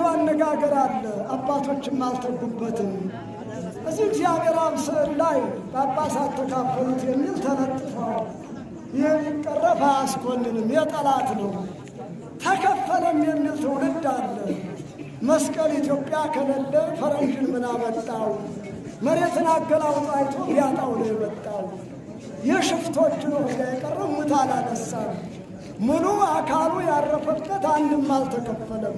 የራሱ አነጋገር አለ፣ አባቶችም አልተጉበትም። እዚህ እግዚአብሔር አምስል ላይ ጳጳሳት ተካፈሉት የሚል ተነጥፈው ይህ ሊቀረፍ አያስኮንንም፣ የጠላት ነው። ተከፈለም የሚል ትውልድ አለ። መስቀል ኢትዮጵያ ከሌለ ፈረንጅን ምን አመጣው? መሬትን አገላውጦ አይቶ ሊያጣው ነው የመጣው። የሽፍቶች ነው የቀረው፣ ሙት አላነሳም። ሙሉ አካሉ ያረፈበት አንድም አልተከፈለም።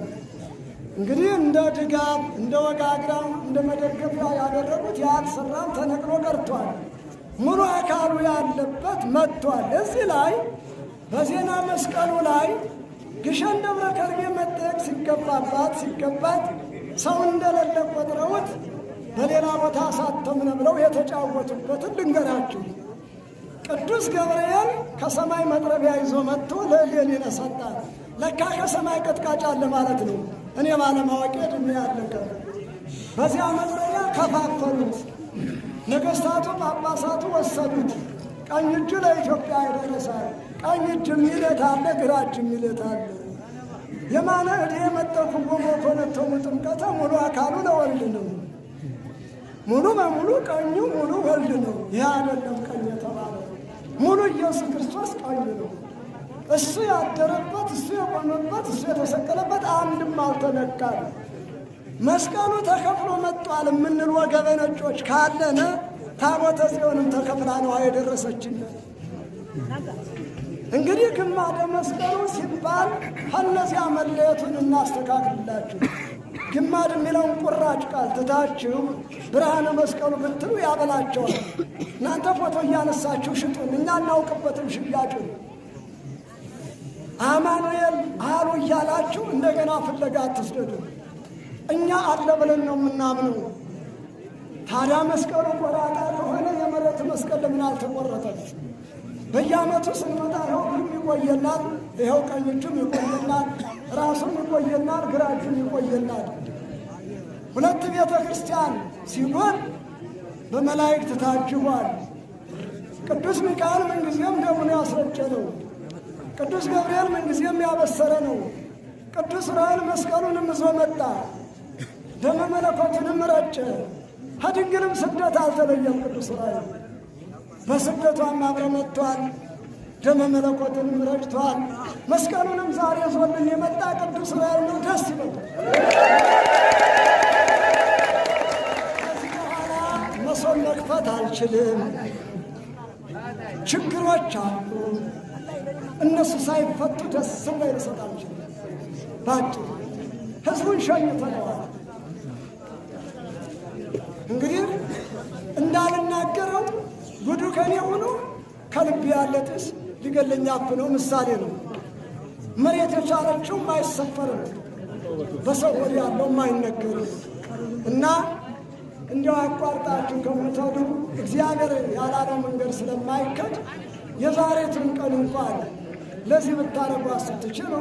እንግዲህ እንደ ድጋፍ እንደ ወጋግራ እንደ መደገፊያ ያደረጉት ያልሰራም ተነቅሎ ቀርቷል። ሙሉ አካሉ ያለበት መጥቷል። እዚህ ላይ በዜና መስቀሉ ላይ ግሸን ደብረ ከርቤ መጠየቅ ሲገባባት ሲገባት ሰው እንደሌለ ቆጥረውት በሌላ ቦታ አሳተምን ብለው የተጫወቱበትን ልንገራችሁ። ቅዱስ ገብርኤል ከሰማይ መጥረቢያ ይዞ መጥቶ ለሌሊነ ሰጣ። ለካ ከሰማይ ቀጥቃጫ አለ ማለት ነው። እኔ ባለማወቄ ድሜ ያለቀ በዚያ መጥበያ ከፋፈሉት። ነገስታቱ ጳጳሳቱ ወሰዱት። ቀኝ እጁ ለኢትዮጵያ ይደረሳል። ቀኝ እጅ ሚለት አለ፣ ግራ እጅ የሚለት አለ። የማነ እድ የመጠኩ ጎሞ ኮነተሙ ጥምቀተ ሙሉ አካሉ ለወልድ ነው። ሙሉ በሙሉ ቀኙ ሙሉ ወልድ ነው። ይህ አይደለም ቀኝ የተባለ ሙሉ ኢየሱስ ክርስቶስ ቀኝ ነው። እሱ ያደረበት እሱ የቆመበት እሱ የተሰቀለበት አንድም አልተነካል። መስቀሉ ተከፍሎ መጥቷል የምንል ወገበነጮች ካለነ ታቦተ ጽዮንም ተከፍላ ነው የደረሰችን። እንግዲህ ግማደ መስቀሉ ሲባል ከነዚያ መለየቱን እናስተካክልላችሁ። ግማድ የሚለውን ቁራጭ ቃል ትታችሁ ብርሃነ መስቀሉ ብትሉ ያበላቸዋል። እናንተ ፎቶ እያነሳችሁ ሽጡን፣ እኛ እናውቅበትም ሽያጩን አማኑኤል አሉ እያላችሁ እንደገና ፍለጋ አትስደዱ። እኛ አለ ብለን ነው የምናምነው። ታዲያ መስቀሉ ቆራጣ ለሆነ የመሬት መስቀል ለምን አልተቆረጠች? በየአመቱ ስንመጣ ይኸው ግርም ይቆየናል፣ ይኸው ቀኞቹም ይቆየናል፣ ራሱም ይቆየናል፣ ግራችም ይቆየናል። ሁለት ቤተ ክርስቲያን ሲሆን በመላእክት ታጅቧል። ቅዱስ ሚካኤል ምንጊዜም ደሙን ነው ቅዱስ ገብርኤል ምንጊዜም ያበሰረ ነው። ቅዱስ ዑራኤል መስቀሉንም ይዞ መጣ፣ ደመ መለኮቱንም ረጨ። ከድንግልም ስደት አልተለየም። ቅዱስ ዑራኤል በስደቷም አብረ መጥቷል። ደመ መለኮቱንም ረጭቷል። መስቀሉንም ዛሬ ዞልን የመጣ ቅዱስ ዑራኤል ነው። ደስ ይበል። መሶን በኋላ መክፈት አልችልም፣ ችግሮች አሉ እነሱ ሳይፈቱ ደስ ብሎ ሊሰጣ ይችላል። ባጭ ህዝቡን ሸኝተነዋል። እንግዲህ እንዳልናገረው ጉዱ ከኔ ሆኖ ከልብ ያለ ጢስ ሊገለኝ አፍነው ምሳሌ ነው። መሬት የቻለችው አይሰፈርም፣ በሰው ወዲ ያለው አይነገርም እና እንዲያው አቋርጣችሁ ከምትሄዱ እግዚአብሔር ያላለ መንገድ ስለማይከድ የዛሬ ቀን እንኳን ለዚህ ብታረጉ ስትችሉ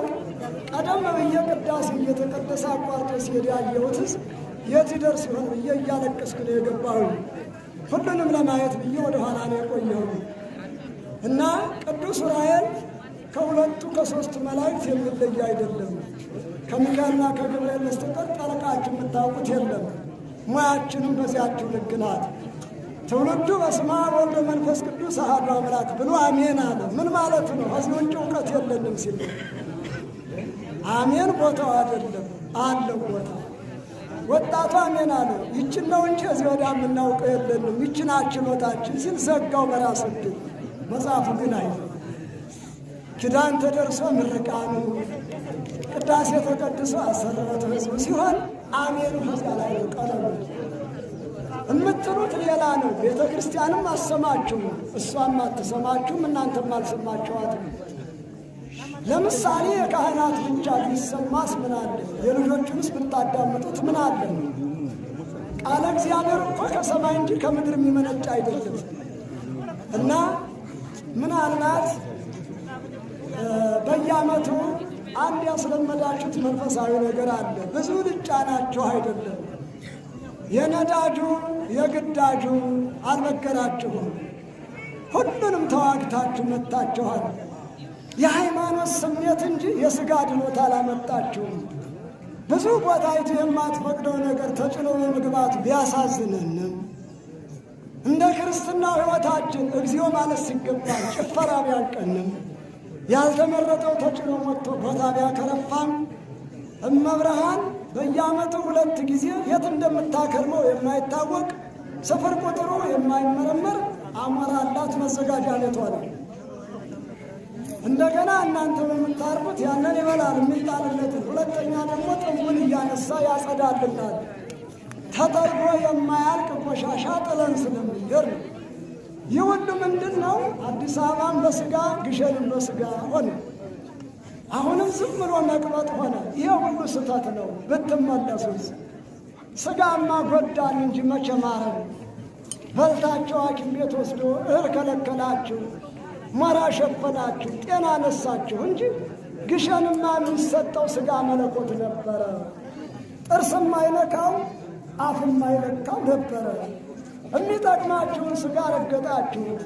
ቀደም ብዬ ቅዳሴ እየተቀደሰ አቋርጦ ሲሄድ ያየሁትስ የት ይደርስ ይሆን ብዬ እያለቀስኩ ነው የገባሁ። ሁሉንም ለማየት ብዬ ወደኋላ ነው የቆየሁ እና ቅዱስ ራኤል ከሁለቱ ከሦስቱ መላእክት የሚለየ አይደለም። ከሚካኤልና ከገብርኤል በስተቀር ጠለቃችሁ የምታውቁት የለም። ሙያችንም በዚያችሁ ልክ ናት። ትውልዱ በስመ አብ ወወልድ ወመንፈስ ቅዱስ አሐዱ አምላክ ብሎ አሜን አለ። ምን ማለት ነው? ከዚህ ውጭ እውቀት የለንም ሲል አሜን ቦታው አይደለም አለው ቦታ ወጣቱ አሜን አለ ይችን ነው እንጂ እዚህ ወዲያ የምናውቀው የለንም ይችን ችሎታችን ሲል ዘጋው በራሱ ድል መጽሐፉ ግን አይ ኪዳን ተደርሶ ምርቃኑ ቅዳሴ ተቀድሶ አሰረበት ህዝቡ ሲሆን አሜኑ ህዝብ ላይ ቀለበት የምትሉት ሌላ ነው። ቤተ ክርስቲያንም አሰማችሁ፣ እሷም አትሰማችሁም፣ እናንተም አልሰማችኋት። ለምሳሌ የካህናት ብቻ ቢሰማስ ምን አለ? የልጆቹንስ ብታዳምጡት ምን አለ? ቃለ እግዚአብሔር እኮ ከሰማይ እንጂ ከምድር የሚመነጭ አይደለም እና ምናልባት በየዓመቱ አንድ ያስለመዳችሁት መንፈሳዊ ነገር አለ። ብዙ ልጫናችሁ አይደለም የነዳጁ የግዳጁ አልመከራችሁም። ሁሉንም ተዋግታችሁ መታችኋል። የሃይማኖት ስሜት እንጂ የሥጋ ድኖት አላመጣችሁም። ብዙ ቦታ ይቱ የማትፈቅደው ነገር ተጭኖ በመግባቱ ቢያሳዝንንም እንደ ክርስትናው ሕይወታችን እግዚኦ ማለት ሲገባን ጭፈራ ቢያልቀንም ያልተመረጠው ተጭኖ መጥቶ ቦታ ቢያከረፋም እመብርሃን በየዓመቱ ሁለት ጊዜ የት እንደምታከርመው የማይታወቅ ሰፈር ቁጥሩ የማይመረመር አሞራ አላት መዘጋጃ ቤቷ ነው። እንደገና እናንተ በምታርቡት ያንን ይበላል የሚጣልለትን፣ ሁለተኛ ደግሞ ጥንቡን እያነሳ ያጸዳልናል። ተጠርጎ የማያልቅ ቆሻሻ ጥለን ስለሚገር ነው። ይህ ሁሉ ምንድን ነው? አዲስ አበባን በስጋ ግሸንም በስጋ ሆነ። አሁንም ዝም ብሎ መቅበጥ ሆነ። ይህ ሁሉ ስህተት ነው ብትመለሱት ስጋማ ጎዳን እንጂ መቼ ማረን? በልታችሁ ሐኪም ቤት ወስዶ እህል ከለከላችሁ፣ ሞራ ሸፈናችሁ፣ ጤና ነሳችሁ እንጂ ግሸንማ የሚሰጠው ስጋ መለኮት ነበረ። ጥርስም አይነካው አፍም አይነካው ነበረ። የሚጠቅማችሁን ስጋ ረገጣችሁት፣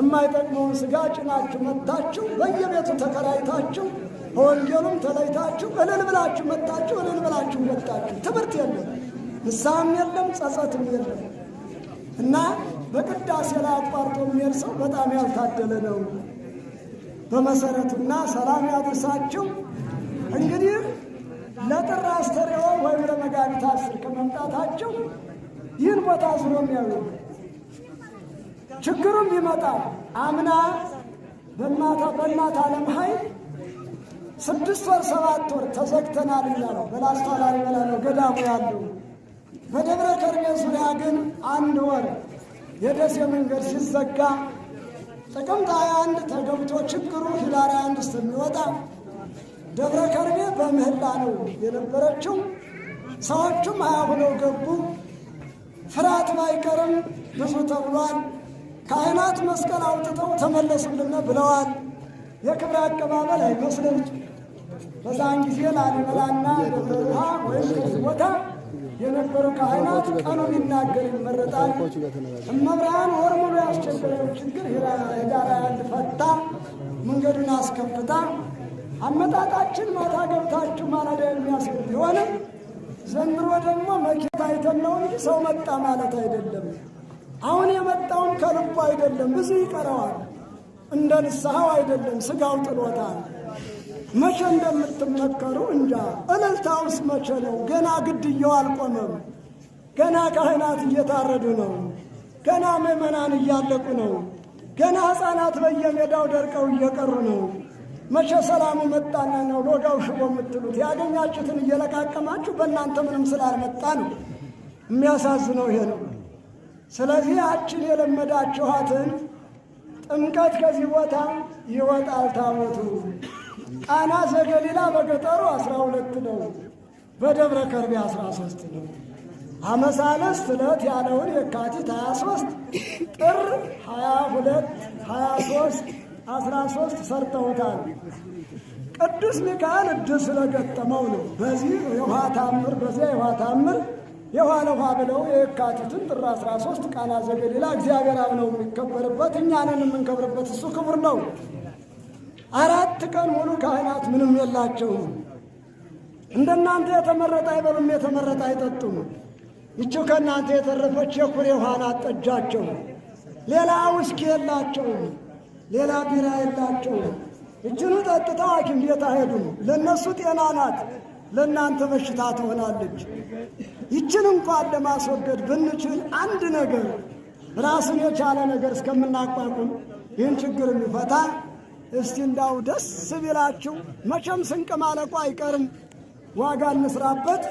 የማይጠቅመውን ስጋ ጭናችሁ መታችሁ በየቤቱ ተከራይታችሁ በወንጌሉም ተለይታችሁ እልል ብላችሁ መጣችሁ፣ እልል ብላችሁ መጣችሁ። ትምህርት የለም፣ ንስሐም የለም፣ ጸጸትም የለም እና በቅዳሴ ላይ አቋርጦ የሚሄድ ሰው በጣም ያልታደለ ነው። በመሰረቱና ሰላም ያድርሳችሁ። እንግዲህ ለጥር አስተሬዎ ወይም ለመጋቢት አስር ከመምጣታችሁ ይህን ቦታ ዝሮ የሚያዩ ችግሩም ይመጣል። አምና በእናት ዓለም ኃይል ስድስት ወር ሰባት ወር ተዘግተናል ይላሉ። በላስታ ላሊበላ ነው ገዳሙ ያሉ። በደብረ ከርሜ ዙሪያ ግን አንድ ወር የደሴ መንገድ ሲዘጋ ጥቅምት 21 ተገብቶ ችግሩ ሂዳሪ አንድ እስከሚወጣ ደብረ ከርሜ በምህላ ነው የነበረችው። ሰዎቹም ሀያ ሁነው ገቡ። ፍርሃት ባይቀርም ብዙ ተብሏል። ካህናት መስቀል አውጥተው ተመለሱልን ብለዋል። የክብር አቀባበል አይመስለች። በዛን ጊዜ ላሊበላና ደብረ ወይም ቦታ የነበሩ ካህናት ቀኑ ቢናገር ይመረጣል። እመብርሃን ወር ሙሉ ያስቸገረው ችግር ሄዳራ ያል ፈታ መንገዱን አስከፍታ አመጣጣችን ማታ ገብታችሁ ማረዳ የሚያስገብ ቢሆንም ዘንድሮ ደግሞ መኬት አይተን ነው እንጂ ሰው መጣ ማለት አይደለም። አሁን የመጣውን ከልቡ አይደለም፣ ብዙ ይቀረዋል። እንደ ንስሐው አይደለም ስጋው ጥሎታል። መቼ እንደምትመከሩ እንጃ። እልልታውስ መቼ ነው? ገና ግድያው አልቆመም። ገና ካህናት እየታረዱ ነው። ገና ምዕመናን እያለቁ ነው። ገና ሕፃናት በየሜዳው ደርቀው እየቀሩ ነው። መቼ ሰላሙ መጣና ነው ሎጋው ሽቦ የምትሉት? ያገኛችሁትን እየለቃቀማችሁ በእናንተ ምንም ስላልመጣ ነው። የሚያሳዝነው ይሄ ነው። ስለዚህ አችን የለመዳችኋትን ጥምቀት ከዚህ ቦታ ይወጣል ታቦቱ። ቃና ዘገሊላ በገጠሩ አስራ ሁለት ነው፣ በደብረ ከርቤ አስራ ሶስት ነው። አመሳለስት ዕለት ያለውን የካቲት ሀያ ሶስት ጥር ሀያ ሁለት ሀያ ሶስት አስራ ሶስት ሰርተውታል። ቅዱስ ሚካኤል እድል ስለገጠመው ነው። በዚህ የውሃ ታምር፣ በዚያ የውሃ ታምር የኋለ ውሃ ብለው የካቲትን ጥር 13 ቃና ዘገሊላ እግዚአብሔር አብ ነው የሚከበርበት፣ እኛንን የምንከብርበት እሱ ክቡር ነው። አራት ቀን ሙሉ ካህናት ምንም የላቸውም። እንደናንተ የተመረጠ አይበሉም፣ የተመረጠ አይጠጡም። ይችው ከእናንተ የተረፈች የኩሬ ውሃ ናት ጠጃቸው። ሌላ ውስኪ የላቸውም፣ ሌላ ቢራ የላቸውም። እጅኑ ጠጥተው ሐኪም ቤት አሄዱ። ለእነሱ ጤና ናት። ለእናንተ በሽታ ትሆናለች። ይችን እንኳን ለማስወገድ ብንችል አንድ ነገር ራስን የቻለ ነገር እስከምናቋቁም ይህን ችግር የሚፈታ እስቲ እንዳው ደስ ቢላችሁ፣ መቼም ስንቅ ማለቁ አይቀርም። ዋጋ እንስራበት።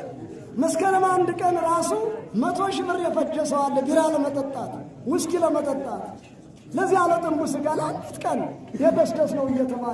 መስከረም አንድ ቀን ራሱ መቶ ሺህ ብር የፈጀ ሰው አለ፣ ቢራ ለመጠጣት ውስኪ ለመጠጣት ለዚህ አለ ጥንቡ ስጋ ለአንዲት ቀን የደስደስ ነው እየተባለ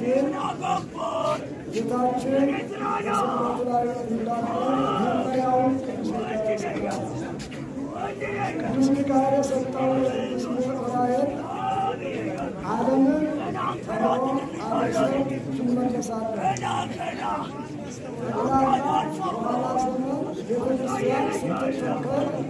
kitapçı, kitapçı, Resulullah Hümmeyavun Bismi gayre sektörü ismi olayet Adem'in Allah'ın ailesi cümle cesaret Allah'ın Allah'ın Allah'ın Allah'ın Allah'ın Allah'ın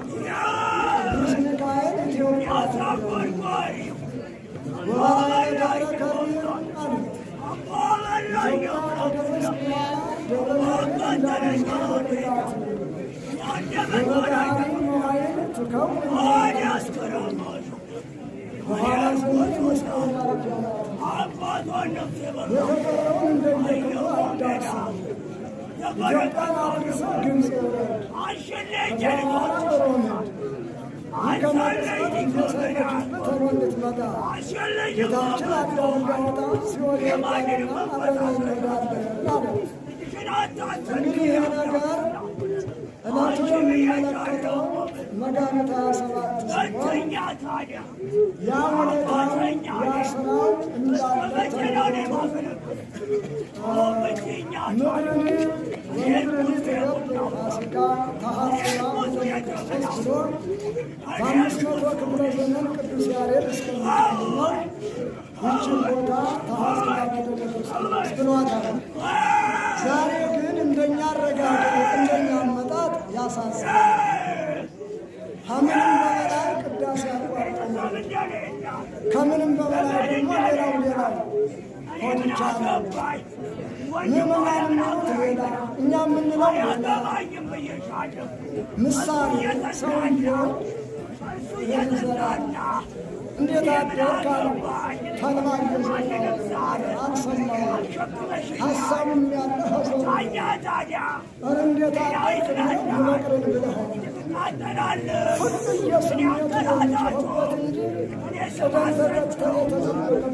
Yedancılar yolunda siyolyerlerinden adamın yolunda እንግዲህ ይህ ነገር ዕለቱን የሚመለከተው መጋቢት ሃያ ሰባት ሲሆን ያ ሁኔታ ያ ስርዓት እንዳለ ተለይቶ ምድርን ትገብ ፋሲካ ተሐጽና ኢየሱስ ብሎ በአምስት መቶ ክፍለ ዘመን ቅዱስ ያሬድ እስከሚጠቅመው ይችን ቦታ ተሐጽና ቤተ ክርስቲያን ብሏታል። ዛሬ ግን እንደኛ አረጋገጥ እንደኛ አመጣጥ ያሳዝናል። ከምንም በበላይ ቅዳሴ ያቋርጠ ከምንም በበላይ ደግሞ ሌላው ሌላው ሆድቻለሁ የሚሉት ሌላ፣ እኛ የምንለው ሌላ። ምሳሌ ሰው እንዲሆን የሚዘራ Dünyada korkan tanıman yüzüne ansızmalar. Hassamın yanına hazır. Örümde tatlı buna kırın bile Hakkın yasın yatı yanlış hobbetidir. Ödense kaptan yatazın bölüm.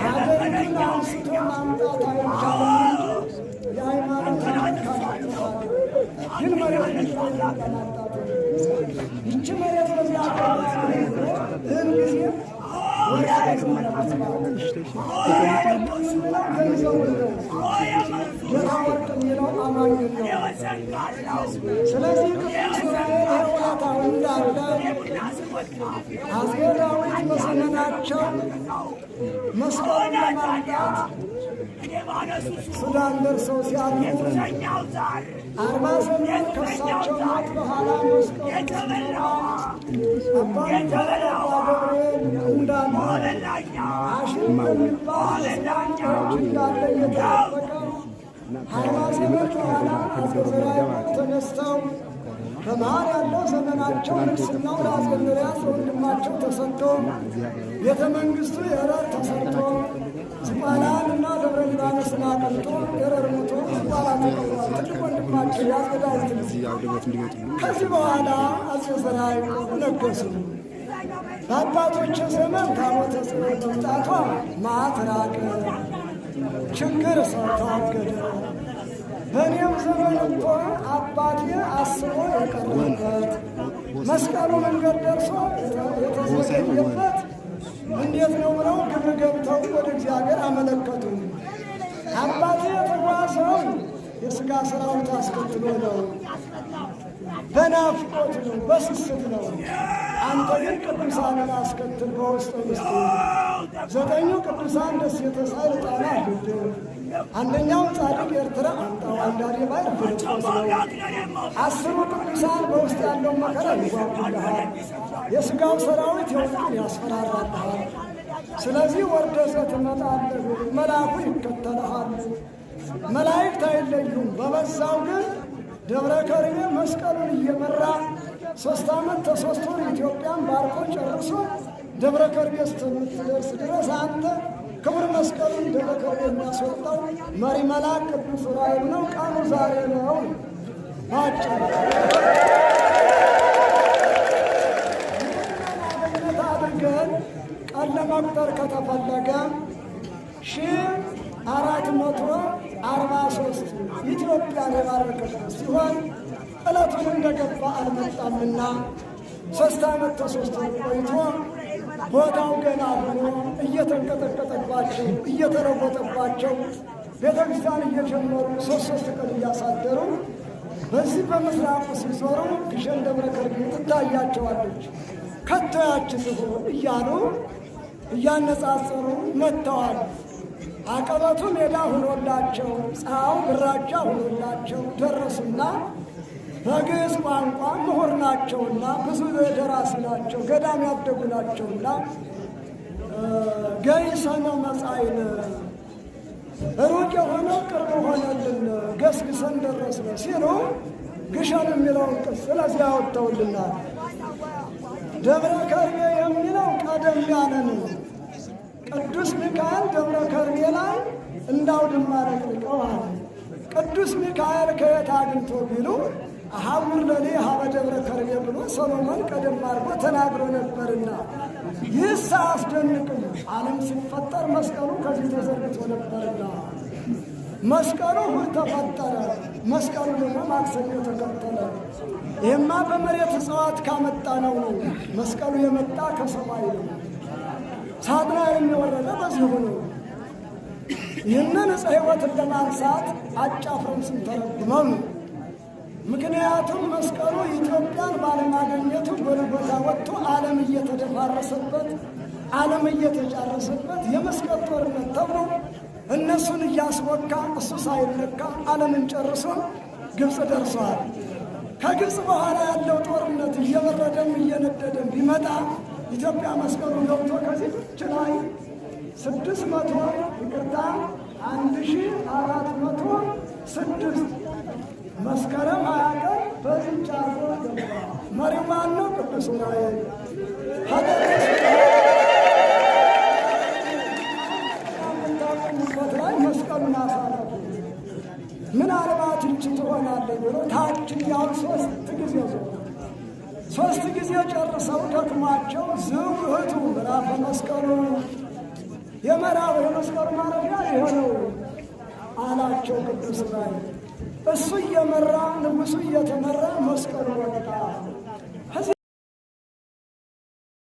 Haberin günahı sütundan da atayım şahı. Yaymanın kanatı. Yılmarın kanatı. ስለዚህ ህወሓት አሁን እንዳለ አስገዳዎች መሰመናቸው መስቀሉን ለማምጣት ሱዳን ደርሰው ሲያሉ አርባ ዘመን ከሳቸው ሞት በኋላ መስቀሉ አባ ገብርኤል እንዳለ አሽን በሚባል ዳኛዎች እንዳለ እየተጠበቀ አርባ ዘመን በኋላ አዘዘ ተነስተው በመሃል ያለው ዘመናቸው ንግስናው ለአስገንሪያስ ወንድማቸው ተሰጥቶ ቤተ መንግሥቱ የእራት ተሰርቶ ዝቋላንና ደብረ ሊባኖስን ትልቅ ከዚህ በኋላ አፄ ዘርዓ ያዕቆብ ነገሱ። በአባቶች ዘመን ታቦተ ጽዮን መምጣቷ ችግር ሰው በእኔም ዘመን እኮ አባቴ አስቦ የቀረበት መስቀሉ መንገድ ደርሶ የተዘገየበት እንዴት ነው ብለው ግብር ገብተው ወደ እግዚአብሔር አመለከቱ። አባቴ የተጓዘው የሥጋ ሥራውን አስከትሎ ነው፣ በናፍቆት ነው፣ በስስት ነው። አንተ ግን ቅዱሳንን አስከትል በውስጠ ውስጥ ዘጠኙ ቅዱሳን ደስ የተሳለ ጣና አድርግ አንደኛው ጻድቅ ኤርትራ አምጣው አንዳሪ ባይ ፊልጶስ አስሩ ቅዱሳን በውስጥ ያለው መከራ ይዋጉልሃል፣ የሥጋው ሰራዊት የውጩን ያስፈራራልሃል። ስለዚህ ወርደዘ ትመጣለህ፣ መልአኩ ይከተልሃል፣ መላእክት አይለዩም። በበዛው ግን ደብረ ከርቤ መስቀሉን እየመራ ሦስት ዓመት ተሦስት ወር ኢትዮጵያን ባርኮ ጨርሶ ደብረ ከርቤ እስከምትደርስ ድረስ አንተ ክብር መስቀሉን ደብረ የሚያስወጣው መሪ መልአክ ቅዱስ ራይል ነው። ቃሉ ዛሬ ነው። ባጭሩ አብነት አድርገን ቀን ከተፈለገ ሺ አራት መቶ አርባ ሶስት ኢትዮጵያን የባረከበት ሲሆን ዕለቱን እንደገባ አልመጣምና ሶስት ዓመት ተሶስት ቆይቶ ቦታው ገና ሆኖ እየተንቀጠቀጠባቸው እየተረወጠባቸው ቤተ ክርስቲያን እየጀመሩ ሶስት ሶስት ቀን እያሳደሩ በዚህ በምስራቁ ሲዞሩ ግሸን ደብረ ከርቤ ትታያቸዋለች። ከቶያች ያች እያሉ እያነጻጸሩ መጥተዋል። አቀበቱ ሜዳ ሁኖላቸው፣ ፀሐው ብራጃ ሁኖላቸው ደረሱና በግዕዝ ቋንቋ ምሁር ናቸውና ብዙ ደራሲ ናቸው፣ ገዳም ያደጉ ናቸውና ገይሰነ መጻእይነ ሩቅ የሆነ ቅርብ ሆነልን ገስግሰን ደረስነ ሲሉ ግሸን የሚለውን ቅስ እዚያ አወጥተውልናል። ደብረ ከርቤ የሚለው ቀደም ያለ ቅዱስ ሚካኤል ደብረ ከርቤ ላይ እንዳውድማ ረቅቀዋል። ቅዱስ ሚካኤል ከየት አግኝቶ ቢሉ ሀቡር ለኔ ደብረ ከርቤ ብሎ ሰሎሞን ቀደም አድርጎ ተናግሮ ነበርና ይህስ አያስደንቅም? ዓለም ሲፈጠር መስቀሉ ከዚህ ተዘርግቶ ነበርና መስቀሉ ሁል ተፈጠረ። መስቀሉ ደግሞ ማክሰኞ ተከተለ። ይህማ በመሬት እጽዋት ካመጣ ነው ነው መስቀሉ የመጣ ከሰማይ ነው። ሳድና የሚወረደ በዚሁ ነው። ይህንን ዕፀ ሕይወትን ለማንሳት አጫፍረን ስንተረጉመው ነው ምክንያቱም መስቀሉ ኢትዮጵያን ባለማገኘቱ ጎልጎታ ወጥቶ ዓለም እየተደፋረሰበት ዓለም እየተጫረሰበት የመስቀል ጦርነት ተብሎ እነሱን እያስወካ፣ እሱ ሳይለካ ዓለምን ጨርሶ ግብፅ ደርሰዋል። ከግብፅ በኋላ ያለው ጦርነት እየበረደም እየነደደም ቢመጣ ኢትዮጵያ መስቀሉ ገብቶ ከዚች ላይ ስድስት መቶ ይቅርታ አንድ ሺህ አራት መቶ ስድስት መስከረም ሀያ ቀን በዚህ ጫፎ ገባ። መሪው ማን ነው? ቅዱስ ዑራኤል ሀገርታቁሙበት ላይ መስቀሉን አሳረፉ። ምናልባት እንች ትሆናለች ብሎ ታች ያሉ ሶስት ጊዜ ዞሩ። ሶስት ጊዜ ጨርሰው ደክሟቸው ዝም እህቱ ምዕራፈ መስቀሉ የምዕራብ የመስቀሉ ማረፊያ የሆነው አላቸው ቅዱስ እሱ እየመራ ንጉሱ እየተመራ መስቀሉ ወደቃ